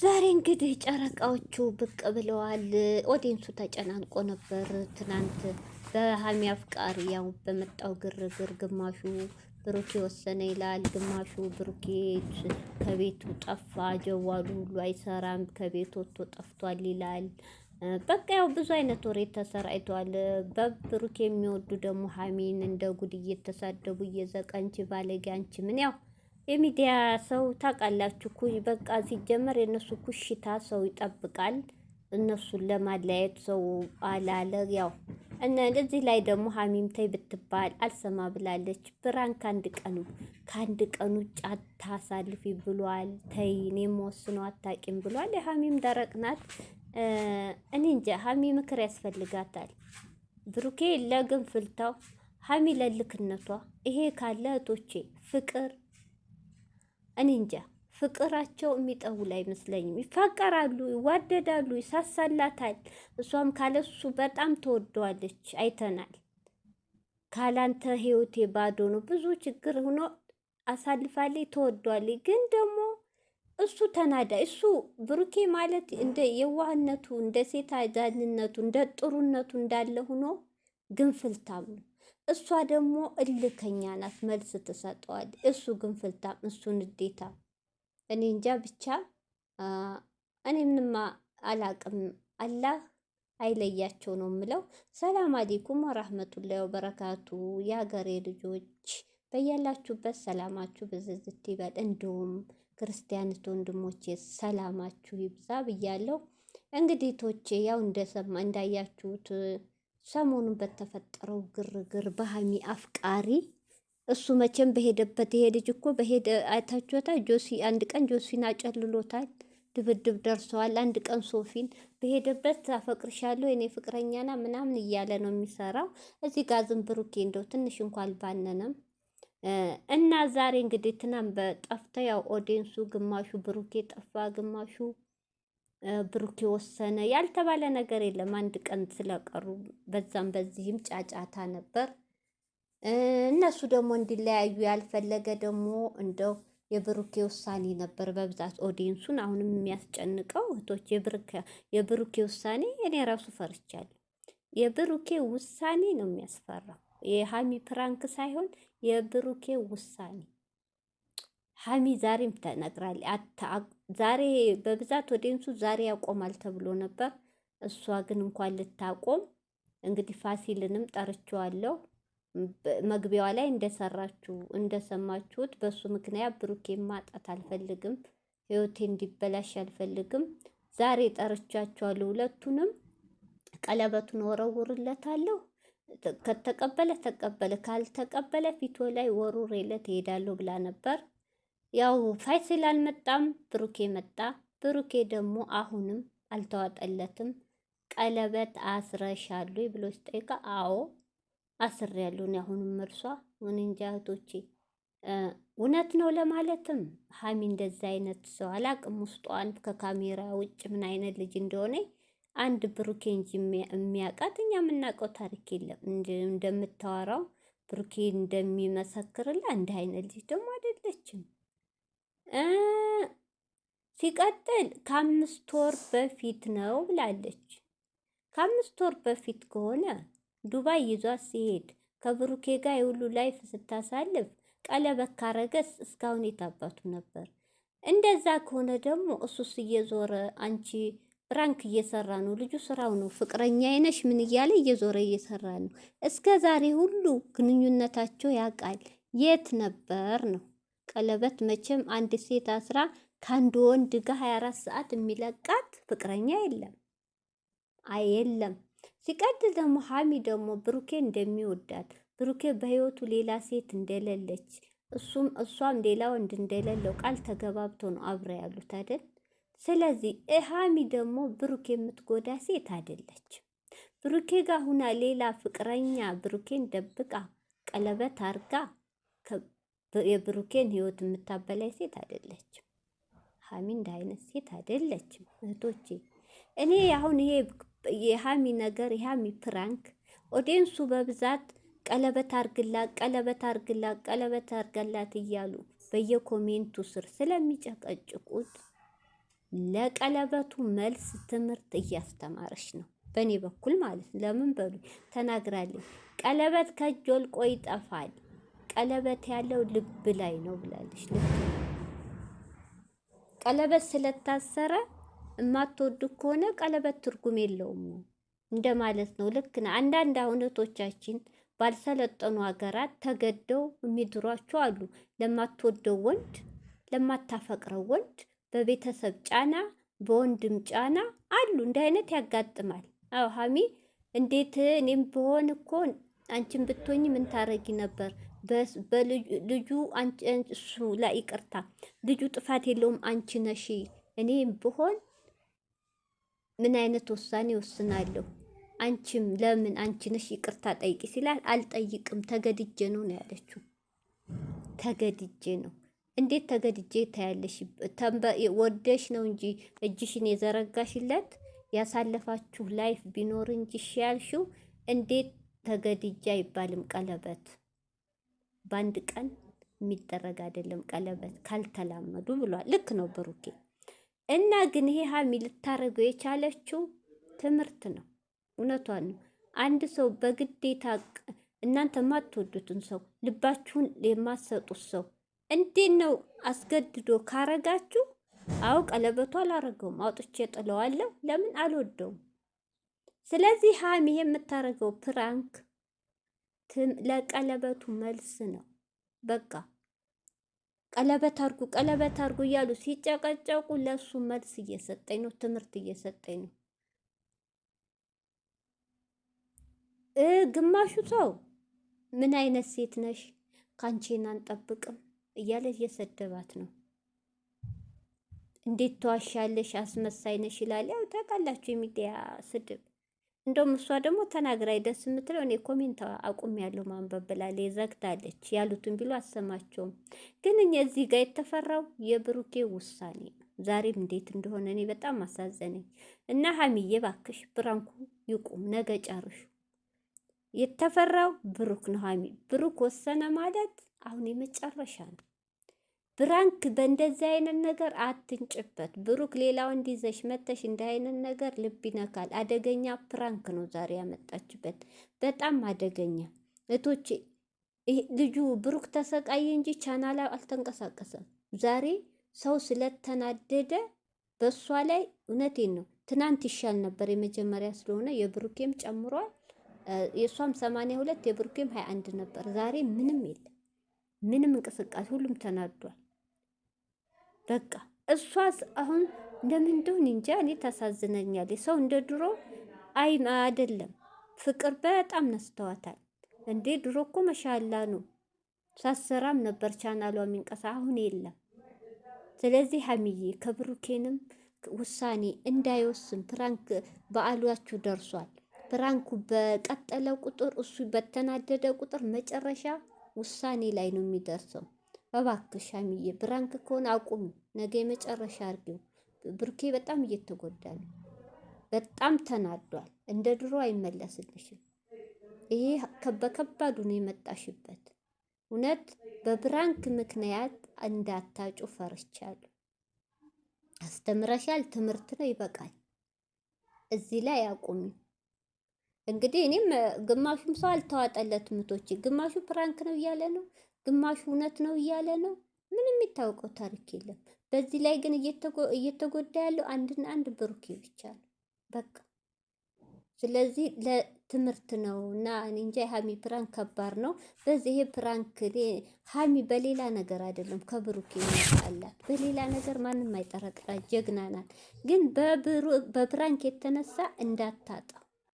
ዛሬ እንግዲህ ጨረቃዎቹ ብቅ ብለዋል። ኦዲንሱ ተጨናንቆ ነበር። ትናንት በሀሚ አፍቃሪ ያው በመጣው ግርግር ግማሹ ብሩኬ ወሰነ ይላል፣ ግማሹ ብሩኬ ከቤቱ ጠፋ፣ ጀዋሉ ሁሉ አይሰራም፣ ከቤት ወጥቶ ጠፍቷል ይላል። በቃ ያው ብዙ አይነት ወሬ ተሰራይቷል። በብሩኬ የሚወዱ ደግሞ ሀሚን እንደ ጉድ እየተሳደቡ እየዘቀንቺ ባለጌ አንቺ ምን ያው የሚዲያ ሰው ታውቃላችሁ እኮ በቃ ሲጀመር የእነሱ ኩሽታ ሰው ይጠብቃል። እነሱን ለማለያየት ሰው አላለ። ያው እና እዚህ ላይ ደግሞ ተይ ብትባል አልሰማ ብላለች። ብራን ከአንድ ቀኑ ከአንድ ቀኑ ውጭ አሳልፊ ብሏል። ተይ እኔ የምወስነው አታቂም ብሏል። የሀሚም ደረቅ ናት። እኔ እንጃ ሀሚ ምክር ያስፈልጋታል። ብሩኬ ለግንፍልታው፣ ሀሚ ለልክነቷ ይሄ ካለ እህቶቼ ፍቅር እኔ እንጃ ፍቅራቸው የሚጠውል አይመስለኝም። ይፋቀራሉ፣ ይዋደዳሉ፣ ይሳሳላታል። እሷም ካለሱ በጣም ተወደዋለች። አይተናል። ካላንተ ህይወቴ ባዶ ነው ብዙ ችግር ሆኖ አሳልፋለች። ተወደዋለች። ግን ደግሞ እሱ ተናዳ እሱ ብሩኬ ማለት እንደ የዋህነቱ እንደ ሴት አዳንነቱ እንደ ጥሩነቱ እንዳለ ሆኖ ግን ፍልታም ነው። እሷ ደግሞ እልከኛ ናት፣ መልስ ትሰጠዋል። እሱ ግን ፍልታም፣ እሱን ንዴታ። እኔ እንጃ ብቻ እኔ ምንም አላቅም። አላህ አይለያቸው ነው የምለው። ሰላም አሌይኩም ወራህመቱላሂ ወበረካቱ። የሀገሬ ልጆች በያላችሁበት ሰላማችሁ ብዝዝት ይበል። እንዲሁም ክርስቲያንት ወንድሞቼ ሰላማችሁ ይብዛ ብያለሁ። እንግዲህ ቶቼ ያው እንደሰማ እንዳያችሁት ሰሞኑን በተፈጠረው ግርግር በሀሚ አፍቃሪ እሱ መቼም በሄደበት ይሄ ልጅ እኮ በሄደ አይታችሁታ ጆሲ አንድ ቀን ጆሲን አጨልሎታል። ድብድብ ደርሰዋል። አንድ ቀን ሶፊን በሄደበት አፈቅርሻለሁ የኔ ፍቅረኛና ምናምን እያለ ነው የሚሰራው። እዚህ ጋር ዝም ብሩኬ እንደው ትንሽ እንኳ አልባነነም እና ዛሬ እንግዲህ ትናንት በጠፍተ ያው ኦዲንሱ ግማሹ ብሩኬ ጠፋ፣ ግማሹ ብሩክ የወሰነ ያልተባለ ነገር የለም። አንድ ቀን ስለቀሩ በዛም በዚህም ጫጫታ ነበር። እነሱ ደግሞ እንዲለያዩ ያልፈለገ ደግሞ እንደው የብሩኬ ውሳኔ ነበር በብዛት ኦዲየንሱን አሁንም የሚያስጨንቀው እህቶች፣ የብሩኬ ውሳኔ እኔ ራሱ ፈርቻለሁ። የብሩኬ ውሳኔ ነው የሚያስፈራው፣ የሀሚ ፕራንክ ሳይሆን የብሩኬ ውሳኔ ሀሚ ዛሬም ተነግራለች። ዛሬ በብዛት ወደንሱ ዛሬ ያቆማል ተብሎ ነበር። እሷ ግን እንኳን ልታቆም እንግዲህ ፋሲልንም ጠርቼዋለሁ። መግቢያዋ ላይ እንደሰራችሁ እንደሰማችሁት በሱ ምክንያት ብሩኬ ማጣት አልፈልግም፣ ህይወቴ እንዲበላሽ አልፈልግም። ዛሬ ጠርቻቸዋለሁ ሁለቱንም። ቀለበቱን ወረውርለታለሁ። ከተቀበለ ተቀበለ፣ ካልተቀበለ ፊቶ ላይ ወሩሬለት እሄዳለሁ ብላ ነበር። ያው ፋይሰል አልመጣም፣ ብሩኬ መጣ። ብሩኬ ደግሞ አሁንም አልተዋጠለትም። ቀለበት አስረሻሉ ብሎ ሲጠይቃ አዎ አስር ያሉን አሁንም መልሷ ምን እንጃ እህቶቼ እውነት ነው ለማለትም ሀሚ እንደዛ አይነት ሰው አላቅም። ውስጧን ከካሜራ ውጭ ምን አይነት ልጅ እንደሆነ አንድ ብሩኬ እንጂ የሚያውቃት እኛ የምናውቀው ታሪክ የለም። እንደምታወራው ብሩኬ እንደሚመሰክርላ እንደ አይነት ልጅ ደግሞ አይደለችም። ሲቀጥል ከአምስት ወር በፊት ነው ብላለች። ከአምስት ወር በፊት ከሆነ ዱባይ ይዟት ሲሄድ ከብሩኬ ጋር የሁሉ ላይፍ ስታሳልፍ ቀለበት ካረገስ እስካሁን የታባቱ ነበር? እንደዛ ከሆነ ደግሞ እሱስ እየዞረ አንቺ ራንክ እየሰራ ነው። ልጁ ስራው ነው። ፍቅረኛ አይነሽ ምን እያለ እየዞረ እየሰራ ነው። እስከ ዛሬ ሁሉ ግንኙነታቸው ያውቃል። የት ነበር ነው ቀለበት መቼም አንድ ሴት አስራ ከአንድ ወንድ ጋር 24 ሰዓት የሚለቃት ፍቅረኛ የለም አየለም። ሲቀጥል ደግሞ ሀሚ ደግሞ ብሩኬ እንደሚወዳት ብሩኬ በህይወቱ ሌላ ሴት እንደሌለች እሱም እሷም ሌላ ወንድ እንደሌለው ቃል ተገባብቶ ነው አብረ ያሉት አይደል? ስለዚህ ሀሚ ደግሞ ብሩኬ የምትጎዳ ሴት አይደለች። ብሩኬ ጋር ሁና ሌላ ፍቅረኛ ብሩኬን ደብቃ ቀለበት አርጋ የብሩኬን ህይወት የምታበላይ ሴት አይደለችም። ሀሚ እንደ አይነት ሴት አይደለችም። እህቶቼ እኔ አሁን ይሄ የሀሚ ነገር የሀሚ ፕራንክ ኦዴንሱ በብዛት ቀለበት አርግላት፣ ቀለበት አርግላት፣ ቀለበት አርገላት እያሉ በየኮሜንቱ ስር ስለሚጨቀጭቁት ለቀለበቱ መልስ ትምህርት እያስተማረች ነው። በእኔ በኩል ማለት ለምን በሉ ተናግራለች። ቀለበት ከእጅ ወልቆ ይጠፋል። ቀለበት ያለው ልብ ላይ ነው ብላለች። ልብ ቀለበት ስለታሰረ እማትወዱ ከሆነ ቀለበት ትርጉም የለውም ነው እንደማለት ነው። ልክ ነው። አንዳንድ እህቶቻችን ባልሰለጠኑ ሀገራት ተገደው የሚድሯቸው አሉ። ለማትወደው ወንድ፣ ለማታፈቅረው ወንድ በቤተሰብ ጫና፣ በወንድም ጫና አሉ። እንዲህ አይነት ያጋጥማል። አዎ ሀሚ እንዴት እኔም ብሆን እኮ አንቺን ብትሆኝ ምን ታረጊ ነበር? ልጁ እሱ ላይ ይቅርታ፣ ልጁ ጥፋት የለውም አንቺ ነሽ። እኔ ብሆን ምን አይነት ውሳኔ ወስናለሁ? አንቺም ለምን አንቺ ነሽ ይቅርታ ጠይቂ ሲላል አልጠይቅም፣ ተገድጄ ነው ነው ያለችው። ተገድጄ ነው እንዴት ተገድጄ ታያለሽ? ወደሽ ነው እንጂ እጅሽን የዘረጋሽለት ያሳለፋችሁ ላይፍ ቢኖር እንጂ ሽ እንዴት ተገድጄ አይባልም ቀለበት በአንድ ቀን የሚደረግ አይደለም ቀለበት ካልተላመዱ ብሏል። ልክ ነው ብሩኬ። እና ግን ይሄ ሀሚ ልታደርገው የቻለችው ትምህርት ነው። እውነቷን ነው። አንድ ሰው በግዴታ እናንተ የማትወዱትን ሰው ልባችሁን የማትሰጡት ሰው እንዴት ነው አስገድዶ ካረጋችሁ፣ አው ቀለበቱ አላረገውም አውጥቼ ጥለዋለሁ። ለምን አልወደውም። ስለዚህ ሀሚ የምታደርገው ፕራንክ ለቀለበቱ መልስ ነው። በቃ ቀለበት አርጉ ቀለበት አርጉ እያሉ ሲጨቀጨቁ ለሱ መልስ እየሰጠኝ ነው፣ ትምህርት እየሰጠኝ ነው። ግማሹ ሰው ምን አይነት ሴት ነሽ ካንቺን አንጠብቅም እያለ እየሰደባት ነው። እንዴት ተዋሻለሽ፣ አስመሳይ ነሽ ይላል። ያው ታውቃላችሁ የሚዲያ ስድብ እንደውም እሷ ደግሞ ተናግራይ ደስ የምትለው እኔ ኮሜንት አቁም ያለው ማንበብ ብላለ ዘግታለች። ያሉትን ቢሉ አሰማቸውም። ግን እኛ እዚህ ጋር የተፈራው የብሩኬ ውሳኔ ዛሬም እንዴት እንደሆነ እኔ በጣም አሳዘነኝ እና ሀሚዬ ባክሽ ብራንኩ ይቁም፣ ነገ ጨርሹ። የተፈራው ብሩክ ነው። ሀሚ ብሩክ ወሰነ ማለት አሁን የመጨረሻ ነው። ብራንክ በእንደዚህ አይነት ነገር አትንጭበት። ብሩክ ሌላው እንዲዘሽ መተሽ እንዲህ አይነት ነገር ልብ ይነካል። አደገኛ ፕራንክ ነው ዛሬ ያመጣችበት፣ በጣም አደገኛ እቶች። ልጁ ብሩክ ተሰቃየ እንጂ ቻናላ አልተንቀሳቀሰም። ዛሬ ሰው ስለተናደደ በእሷ ላይ እውነቴን ነው። ትናንት ይሻል ነበር የመጀመሪያ ስለሆነ የብሩኬም ጨምሯል። የእሷም ሰማንያ ሁለት የብሩኬም ሀያ አንድ ነበር። ዛሬ ምንም የለም፣ ምንም እንቅስቃሴ፣ ሁሉም ተናዷል። በቃ እሷስ አሁን ለምን እንደሆነ እንጃ እኔ ታሳዝነኛለች። ሰው እንደ ድሮ አይን አይደለም። ፍቅር በጣም ነስተዋታል። እንዴ ድሮ እኮ መሻላ ነው ሳሰራም ነበር ቻናሏ የሚንቀሳ አሁን የለም። ስለዚህ ሀሚዬ ከብሩኬንም ውሳኔ እንዳይወስን ፕራንክ በዓሏችሁ ደርሷል። ፕራንኩ በቀጠለ ቁጥር እሱ በተናደደ ቁጥር መጨረሻ ውሳኔ ላይ ነው የሚደርሰው። እባክሽ ሀይሚዬ ብራንክ ከሆነ አቁሚ፣ ነገ የመጨረሻ አድርጊው። ብርኬ በጣም እየተጎዳ ነው፣ በጣም ተናዷል። እንደ ድሮ አይመለስልሽም። ይሄ በከባዱ ነው የመጣሽበት። እውነት በብራንክ ምክንያት እንዳታጩ ፈርቻለሁ። አስተምረሻል፣ ትምህርት ነው፣ ይበቃል። እዚህ ላይ አቁሚ። እንግዲህ እኔም ግማሹም ሰው አልተዋጠለት ምቶች፣ ግማሹ ብራንክ ነው እያለ ነው፣ ግማሹ እውነት ነው እያለ ነው። ምንም የሚታወቀው ታሪክ የለም። በዚህ ላይ ግን እየተጎዳ ያለው አንድና አንድ ብሩኬ ብቻ ነው በቃ። ስለዚህ ለትምህርት ነው እና እንጃ የሀሚ ፕራንክ ከባድ ነው። በዚህ ይሄ ፕራንክ ሀሚ በሌላ ነገር አይደለም ከብሩኬ አላት። በሌላ ነገር ማንም አይጠረጥራት፣ ጀግና ናት። ግን በፕራንክ የተነሳ እንዳታጣው